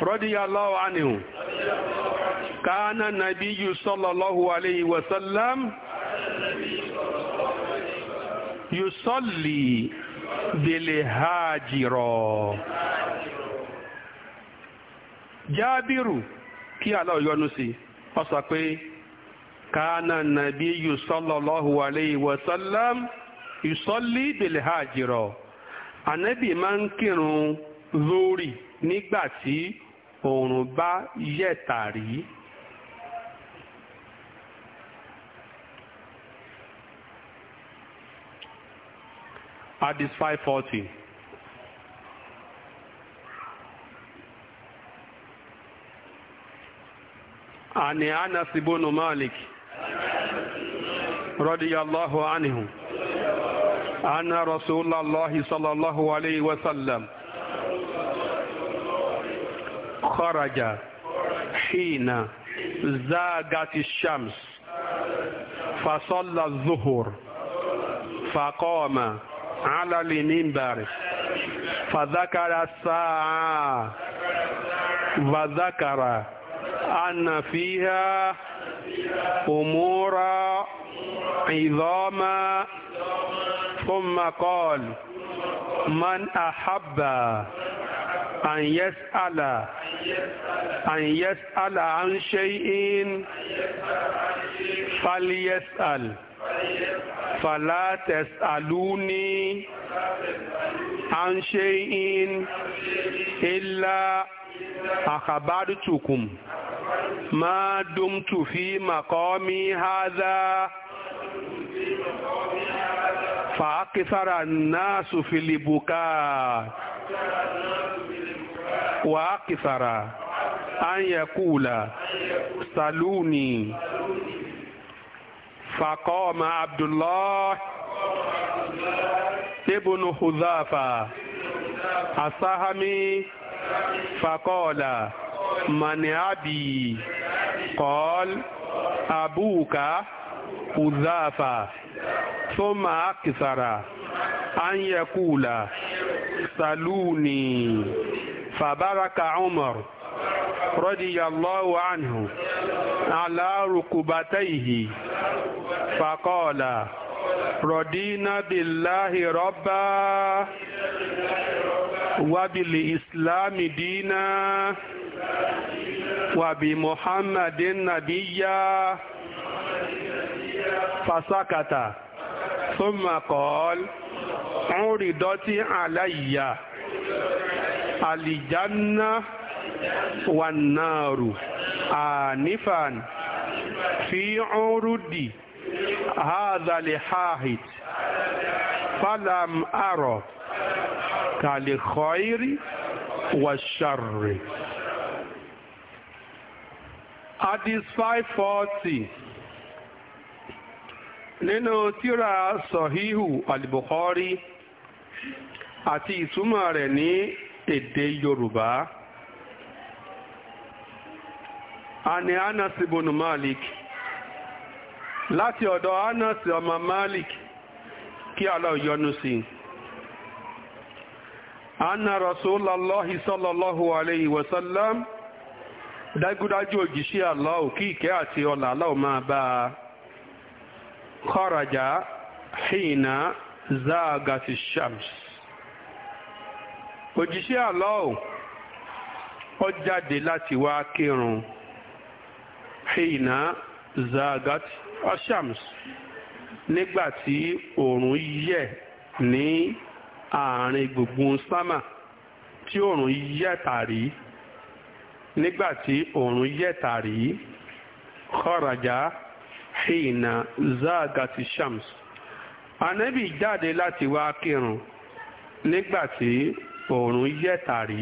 radiyallahu anhu kana nabiyyu sallallahu alayhi wa sallam yusalli bil hajiro jábìrù kí Allah yọ́nú sí ó sọ pé kana nabiyyu sallallahu alayhi wa sallam yusalli bil hajiro ànábì máa ń kírun lórí nígbà oòrùn bá yẹ̀tà rí Hadith 540. عن أنس بن مالك رضي الله عنه أن رسول الله صلى الله عليه وسلم خرج حين زاغت الشمس فصلى الظهر فقام على المنبر فذكر الساعة وذكر أن فيها أمور عظاما ثم قال من أحب أن يسأل أن يسأل عن شيء فليسأل فلا تسألوني عن شيء إلا أخبرتكم ما دمت في مقامي هذا فأكثر الناس في البكاء wà á kìsàrà á ń yẹ kúùlà sàlúùnì fàkọ́ọ̀mà abdullah ibùnú hudhafa asahami fakọ́ọ̀là maniabi kọ́ọ̀l abúùkà hudhafa thumma akisara an yakula saluni fabaraka umar radiyallahu anhu ala rukubatayhi faqala radina billahi rabba wa bil islami dina wa bi muhammadin nabiyya fasakata thumma qala عرضت عليّ àlìjánná wànàrù ànífàn fi ọrùdì àádàlẹ̀ hàhìt fàlàm àrọ̀ kàlẹ̀kọ́ìrì wàṣàrì. Hadis 540 nínú tíra Sọ̀híhù Al-Bukhari àti ìtumọ̀ rẹ̀ ní èdè yorùbá àní anas ibn malik láti ọ̀dọ̀ anas ọmọ malik kí Allah yọ́nú sí anna rasulallahi sallallahu alayhi wa sallam dágúdájú òjíṣẹ́ Allah kí ìkẹ́ àti ọlà Allah máa bá a kharaja hina zagati shams òjíṣẹ́ àlọ́ọ̀ ó jáde láti wá kírun hìnà zagat ashams nígbà tí òòrùn yẹ̀ ní àárín gbùngbùn sámà tí òòrùn yẹ̀ tàrí nígbà tí òòrùn yẹ̀ tàrí kọ́rajà hìnà zagat shams ànábì jáde láti wá kírun nígbà tí òòrùn yẹ̀ tàrí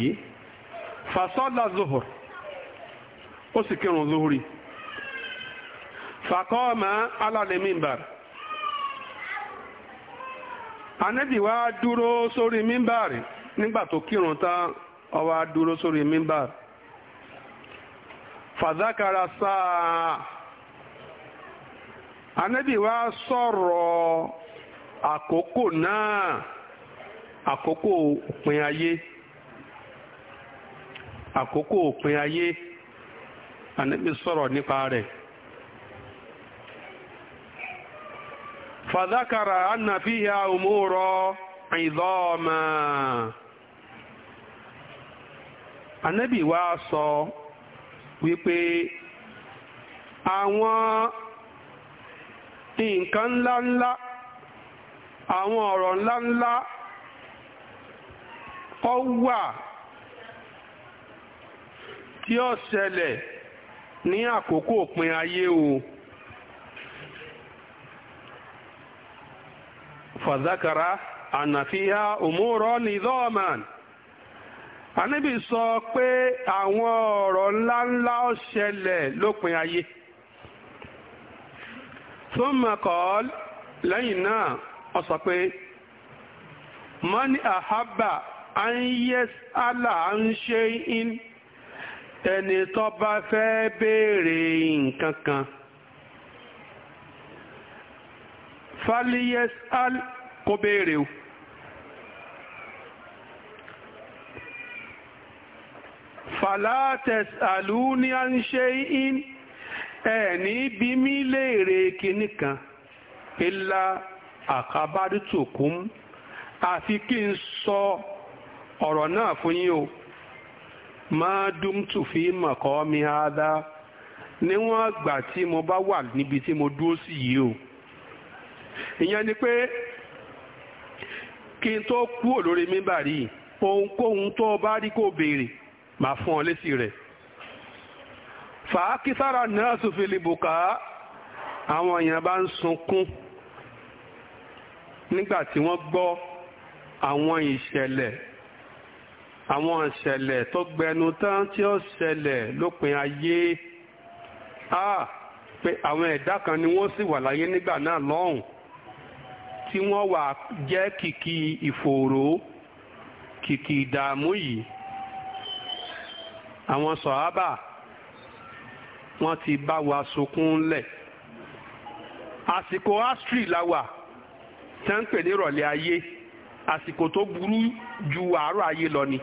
fasọ́lá zohor ó sì kírun zohori fàkọ́ọ̀mọ́ alálẹ́mìnbà anẹ́bì wá dúró sórí mímbàrì nígbà tó kírun tán ó wá dúró sórí mímbàrì fàdákàrà sáà anẹ́bì sọ̀rọ̀ àkókò náà àkókò òpin ayé àkókò òpin ayé ànábì sọ̀rọ̀ nípa rẹ̀. fàdákàrà ànàfíà òmùrọ̀ ìdọ́ọ̀mà ànábì wa sọ wípé àwọn nǹkan ńláńlá àwọn ọ̀rọ̀ ńláńlá kan wà tí ó ṣẹlẹ̀ ní àkókò òpin ayé o fàzákàrá ànàfíà òmùrọ̀ nìdọ́ọ̀màn àníbì sọ pé àwọn ọ̀rọ̀ ńláńlá ó ṣẹlẹ̀ lópin ayé tó mọ̀kọ́ lẹ́yìn náà ó sọ pé mọ́ni àhábà an yes allah an ṣe in ẹni tó bá fẹ́ béèrè nǹkan kan fali yes al kó béèrè o. falates aluni an ṣe'in ẹni bí mi léèrè kìíní kan illa àkàbádùtùkún àfi kí n sọ ọ̀rọ̀ náà fún yín o máa dúmtù fi mọ̀kọ́ mi háadá níwọ̀n àgbà tí mo bá wà níbi tí mo dúró sí yìí o ìyẹn ni pé kí n tó kú olórí mímbà rí ohunkóhun tó o bá rí kó béèrè màá fún ọ lésì rẹ̀ fàákísára náà sùfìlì bùkà àwọn èèyàn bá ń sunkún nígbà tí wọ́n gbọ́ àwọn ìṣẹ̀lẹ̀ àwọn ìṣẹ̀lẹ̀ tó gbẹnu tán tí ó ṣẹlẹ̀ lópin ayé a pé àwọn ẹ̀dá kan ni wọ́n sì wà láyé nígbà náà lọ́hùn tí wọ́n wà jẹ́ kìkì ìfòòró kìkì ìdààmú yìí àwọn sọ̀hábà wọ́n ti bá wa sunkún lẹ̀ àsìkò astri la wà tẹ́ ń pè ní ìrọ̀lẹ́ ayé àsìkò tó burú ju àárọ̀ ayé lọ ni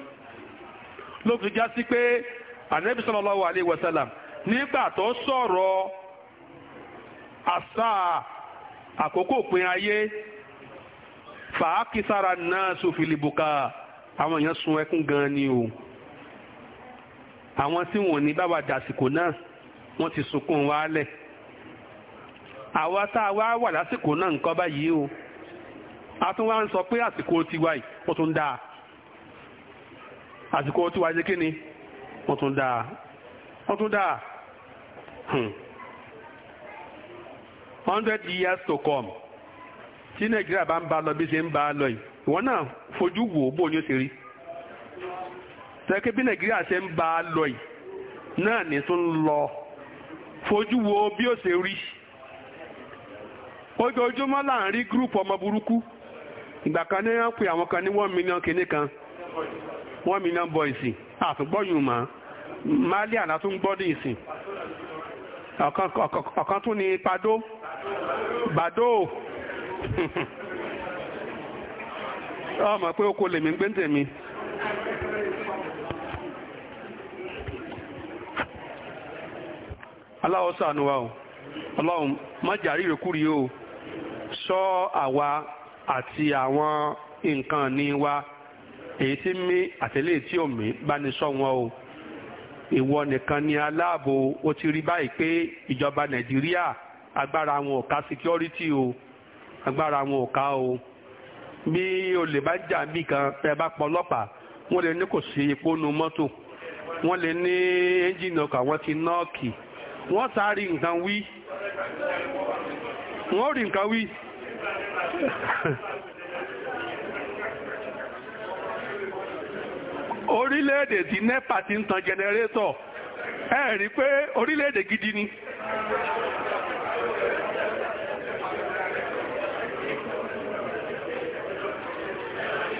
ló fi já sí pé ànábì sallallahu alaihi wasallam nígbà tó sọ̀rọ̀ àṣà àkókò pin ayé fàákìsára náà sòfìlìbùkà àwọn èèyàn sun ẹkún gan ni o àwọn tí wọn ní bábà dàsìkò náà wọ́n ti sunkún wálẹ̀ àwa tá a wá wà lásìkò náà nǹkan báyìí o a tún wá ń sọ pé àsìkò tiwa yìí ó tún dáa àsìkò tí wàá ṣe kí ni wọ́n tún dáa wọ́n tún dáa hmm. hundred years to come tí nàìjíríà bá ń bá lọ bí ṣe ń bá lọ yìí ìwọ náà fojú wò ó bóun yóò ṣe rí sẹ́kẹ́ bí nàìjíríà ṣe ń bá lọ yìí náà ní tún lọ fojú wo bí ó ṣe rí ojoojúmọ́ là ń rí gúrùpù ọmọ burúkú ìgbà kan ní wọ́n pe àwọn kan ní one million kìíní kan wọ́n mi náà bọ ìsìn àtúgbọ́yùn mọ́ málíà látún gbọ́dọ̀ ìsìn ọ̀kan tún ni padó bàdó ọmọ pé oko lèmi gbé tèmi. aláwọ̀ ṣàánú wa o ọlọ́run má jàrí ìrèkúrí o sọ àwa àti àwọn nǹkan ní wa. èyí tí mí àtẹ̀lé tí omi bá wọn o ìwọ nìkan ni aláàbò ó ti rí báyìí pé ìjọba nàìjíríà agbára wọn ọ̀ka security o agbára wọn ọ̀ka o bí olè bá jà kan tẹ bá pọ ọlọ́pàá wọ́n lè ní kò sí epo nu mọ́tò wọ́n lè ní ẹ́ńjìnì ọkọ̀ àwọn ti orílẹ̀-èdè tí nepa ti ń tan jẹnẹrétọ̀ ẹ rí pé orílẹ̀-èdè gidi ni.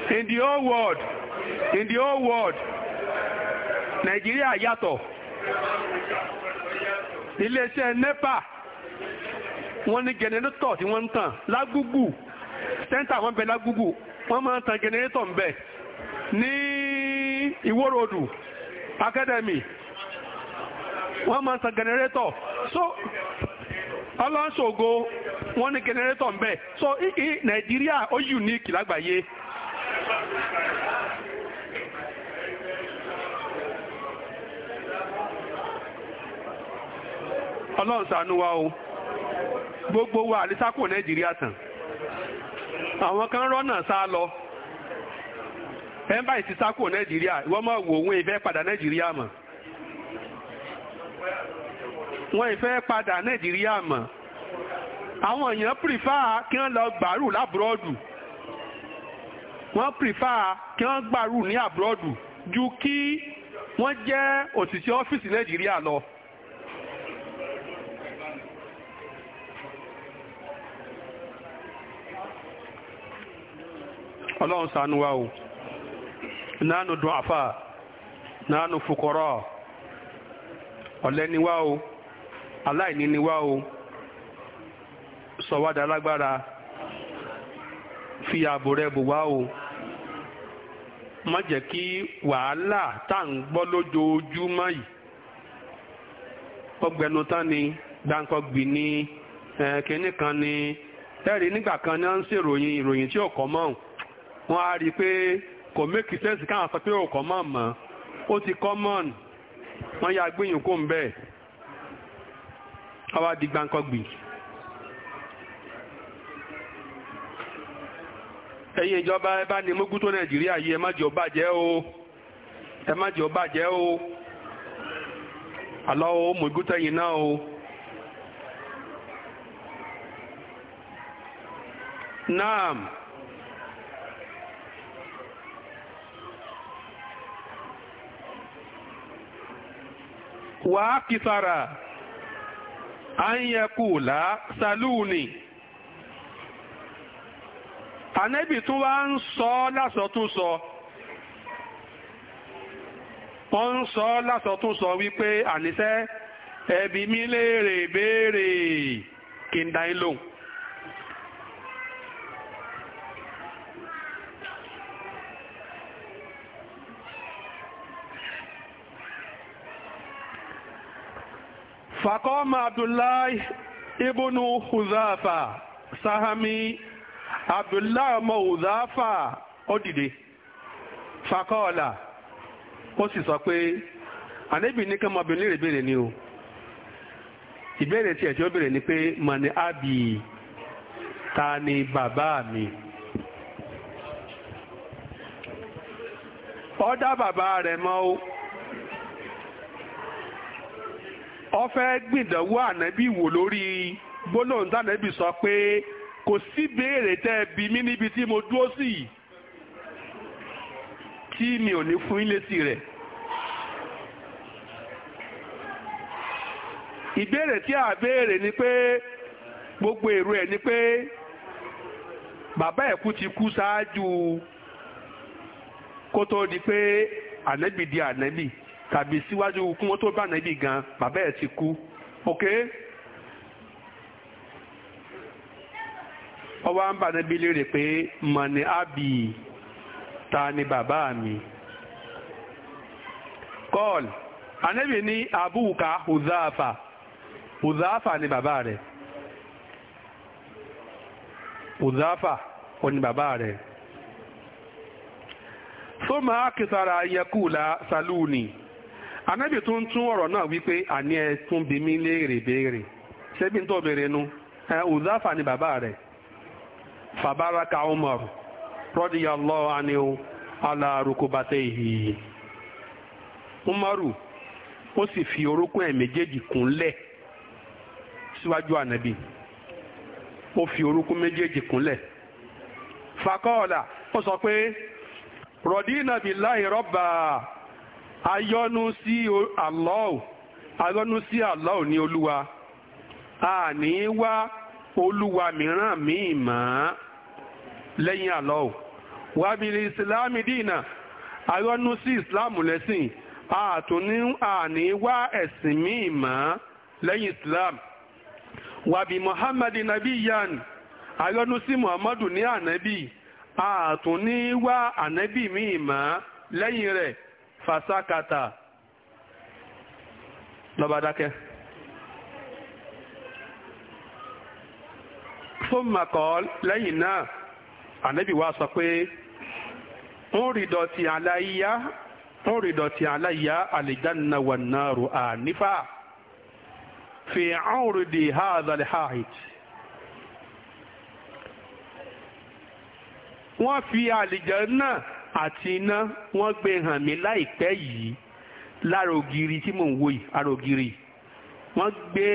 in the whole world in the whole world Nàìjíríà yàtọ̀ iléeṣẹ́ nepa wọ́n ní jẹnẹrétọ̀ tí wọ́n ń tàn lágúgù sẹ́ńtà wọn bẹ lágúgù wọ́n máa ń tan jẹnẹrétọ̀ ń bẹ ní ìwórodù academy wọ́n máa san generator so ọlọ́nṣogo wọ́n ní generator ń so so nàìjíríà o unique lagbaye ọlọ́run ṣàánú wa o gbogbo wa àrísàkò nàìjíríà tán àwọn kan rọ́nà sá lọ. ẹ̀ńbà ti sá kúrò nàìjíríà ìwọ́n máa wò wọ́n ìfẹ́ padà nàìjíríà mọ̀ wọ́n ìfẹ́ padà nàìjíríà mọ̀ àwọn èèyàn pìrìfà kí wọ́n lọ gbàrú lábúrọ́dù wọ́n pìrìfà kí wọ́n gbàrú ní àbúrọ́dù ju kí wọ́n jẹ́ òṣìṣẹ́ ọ́fíìsì nàìjíríà lọ. ọlọ́run ṣàánú wa o. Nanu dùn àfà nánú fukọrọ ọ̀lẹ́ ni wá o aláìní ni wá o sọ wá fi ààbò rẹ bò o má jẹ́ wàhálà tá à ń gbọ́ lójoojúmọ́ yìí ọgbẹnu ni gbàǹkọ̀gbì ni kan ni ẹ̀rí nígbà kan ní à ń ṣèròyìn ìròyìn tí ò kọ́ mọ́ wọn á rí i pé kò mékì sẹ́ǹsì káwọn sọ pé òkò mọ̀ mọ́ ó ti kọ́mọ̀n wọ́n ya gbìyànjú kó ń bẹ́ẹ̀ àwa di gbàǹkangbì. ẹ̀yin ìjọba ẹ bá ní mógún tó nàìjíríà yìí ẹ má jẹ́ ó bàjẹ́ o ẹ má jẹ́ ó bàjẹ́ o àlọ́ o mógún tẹ̀yìn náà o. naam. wà kìtàrà anyakula saluni anẹ́bì tún wá ń sọ lásọtúnsọ wọ́n ń sọ lásọtúnsọ wípé àníṣẹ́ ẹbí mi léèrè béèrè فقام عبد الله huzafa sahami سهمي عبد الله موذافة أدري فقال ó sì sọ pé ànábì ní ká máa bèrè léèrè béèrè ni o ìbéèrè tiẹ̀ tí ó béèrè ni pé mani abi ta ni bàbá mi. ó dá bàbá rẹ̀ mọ́ o. ó fẹ́ gbìdánwò ànábì wò lórí gbólóhùn tànábì sọ pé kò sí béèrè tẹ́ ẹ bí mí níbi tí mo dúró sí tí mi ò ní fún yín rẹ̀. ìbéèrè tí a béèrè ni pé gbogbo èrò ẹ̀ ni pé bàbá ẹ̀kú ti kú ṣáájú kó tó di pé ànábì di ànábì. tàbí síwájú kí wọ́n tó bá nàbí gan bàbá ẹ̀ ti kú ok ọwọ́ à ń bà nàbí léèrè pé mọ̀nì ábì ta ni bàbá mi kọ́ọ̀l ànábì ní abúùka hùzáàfà hùzáàfà ni bàbá rẹ̀ hùzáàfà ó ní bàbá rẹ̀ tó kìtàrà yẹkùlá salúni. anábì tó ń tún ọ̀rọ̀ náà wípé àní ẹ tún bí mi léèrè béèrè ṣebí tó béèrè nu ẹ Uzafa ni bàbá rẹ̀ fabaraka Umar radiyallahu anhu ala rukubatayhi Umaru ó sì fi orúnkún ẹ̀ méjèèjì kúnlẹ̀ síwájú anabi ó fi orúnkún méjèèjì kúnlẹ̀ fakọ́ọ̀là ó sọ pé rọ̀dínà billahi rabba ayọ́nú sí Allah ni sí a ní olúwa a ní wá olúwa mìíràn míì mọ́ lẹ́yìn Allah wàbílì ìsìláàmì dínà ayọ́nú sí ìsìláàmù lẹ́sìn a tún ní a ní wá ẹ̀sìn míì mọ́ lẹ́yìn islam wàbí muhammadu nabi yan ayọ́nú sí muhammadu ní ànábì a tún ní wá ànábì míì mọ́ lẹ́yìn rẹ̀ fàṣàkàtà lọ́ba dákẹ́. fún makọ́ lẹ́yìn náà ànábì wa sọ pé ń rí dọ̀tí aláyíyá ń rí dọ̀tí aláyíyá àlìjáná wà náà rò ànífà fi àwòrán di haazalẹ̀ haid. wọ́n fi àlìjáná àti iná wọ́n gbé hàn mí láìpẹ́ yìí lára ògiri tí mò ń wò yìí ara ògiri wọ́n gbé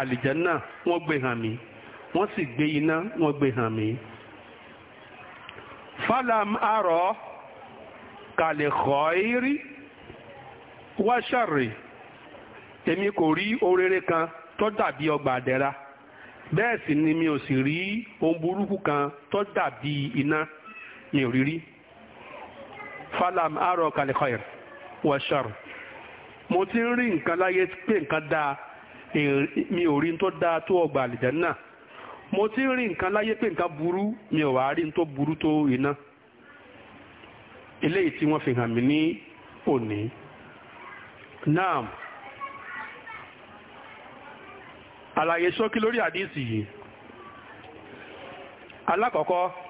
àlìjánà wọ́n gbé hàn mí wọ́n sì gbé iná wọ́n gbé hàn mí. falam arọ kàlẹ̀ khayri wá ṣàrè èmi kò rí orere kan tó dàbí ọgbà àdẹ́ra bẹ́ẹ̀ sì ni mi ò sì rí ohun burúkú kan tó dàbí iná mi ò rí rí. falam arọ kalikoir washar mo ti ń rí nǹkan láyé pé nǹkan da mi ò rí tó dáa tó ọgbà àlìjánná mo ti ń rí nǹkan láyé pé nǹkan burú mi ò wá rí tó burú tó iná eléyìí tí wọ́n fi hàn mí ní òní naam alaye ṣókí lórí àdíìsì yìí alákọ̀ọ́kọ́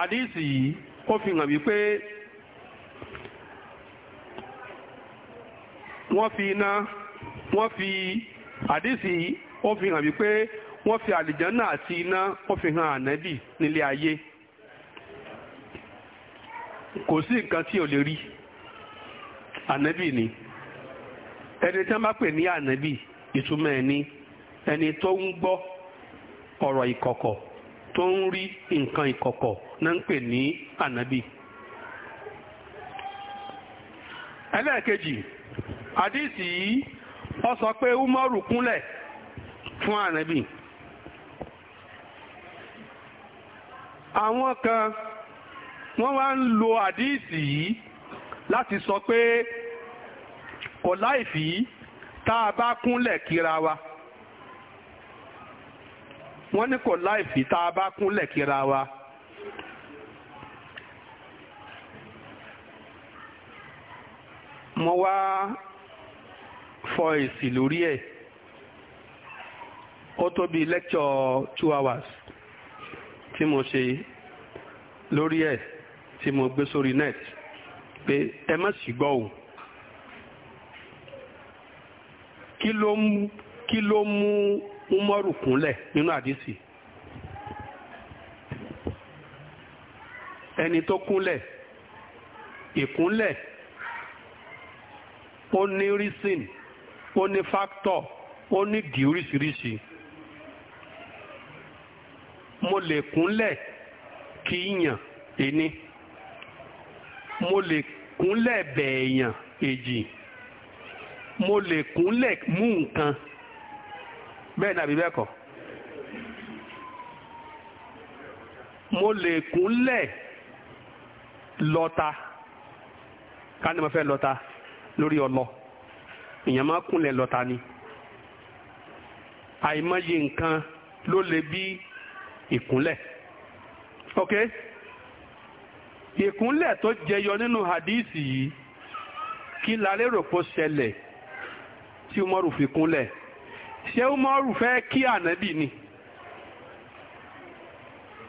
àdísì yìí ó fi hàn wípé wọ́n fi iná wọ́n fi àdíìsì yìí ó fi hàn wípé wọ́n fi àlìjánà àti iná wọ́n fi hàn ànẹ́bì nílé ayé kò sí nǹkan tí ò lè rí ànẹ́bì ni ẹni tí wọ́n bá pè ní ànẹ́bì ìtumọ̀ ẹni ẹni tó ń gbọ́ ọ̀rọ̀ ìkọ̀kọ̀ tó ń rí nǹkan ìkọ̀kọ̀ náà ń pè ní ànábì. ẹlẹ́ẹ̀kejì àdìsí yìí ọ sọ pé umaru kúnlẹ̀ fún ànábì. àwọn kan wọ́n wá ń lo àdìsí yìí láti sọ pé kò láìfì tá a bá kúnlẹ̀ kíra wa. wọ́n ní kò láìfì tá a bá kúnlẹ̀ kíra wa. mo wá fọ èsì lórí ẹ̀ ó tó bíi lecture two hours tí mo ṣe lórí ẹ̀ tí mo gbé sórí net pé ẹ má sì gbọ́ òun. kí ló mú umaru kúnlẹ̀ nínú àdísì ẹni tó kúnlẹ̀ ìkúnlẹ̀ ó ní rísìn ó ní fáktọ̀ ó ní dì oríṣiríṣi mo lè kúnlẹ̀ kí yàn ẹni mo lè kúnlẹ̀ bẹ̀ẹ̀yàn èjì mo lè kúnlẹ̀ mú nǹkan bẹ́ẹ̀ nàbí bẹ́ẹ̀ kọ́ mo lè kúnlẹ̀ lọ́ta ká ní mo fẹ́ lọ́ta lórí ọlọ èèyàn máa kúnlẹ̀ lọ́ta ni àìmọye nǹkan ló lè bí ìkúnlẹ̀ ok ìkúnlẹ̀ tó jẹyọ nínú hadíìsì yìí kí la lérò kó ṣẹlẹ̀ tí Umaru fi kúnlẹ̀. se o fe ki anabi ni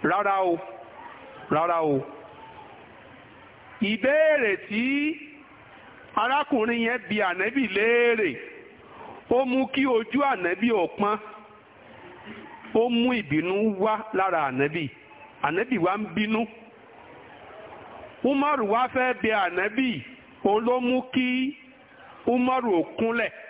rara o rara o ibeere arakunrin yen bi anabi leere o mu ki oju anabi opon o mu ibinu wa lara anabi anabi wa n binu umaru wa fe bi anabi o lo mu ki umaru okunle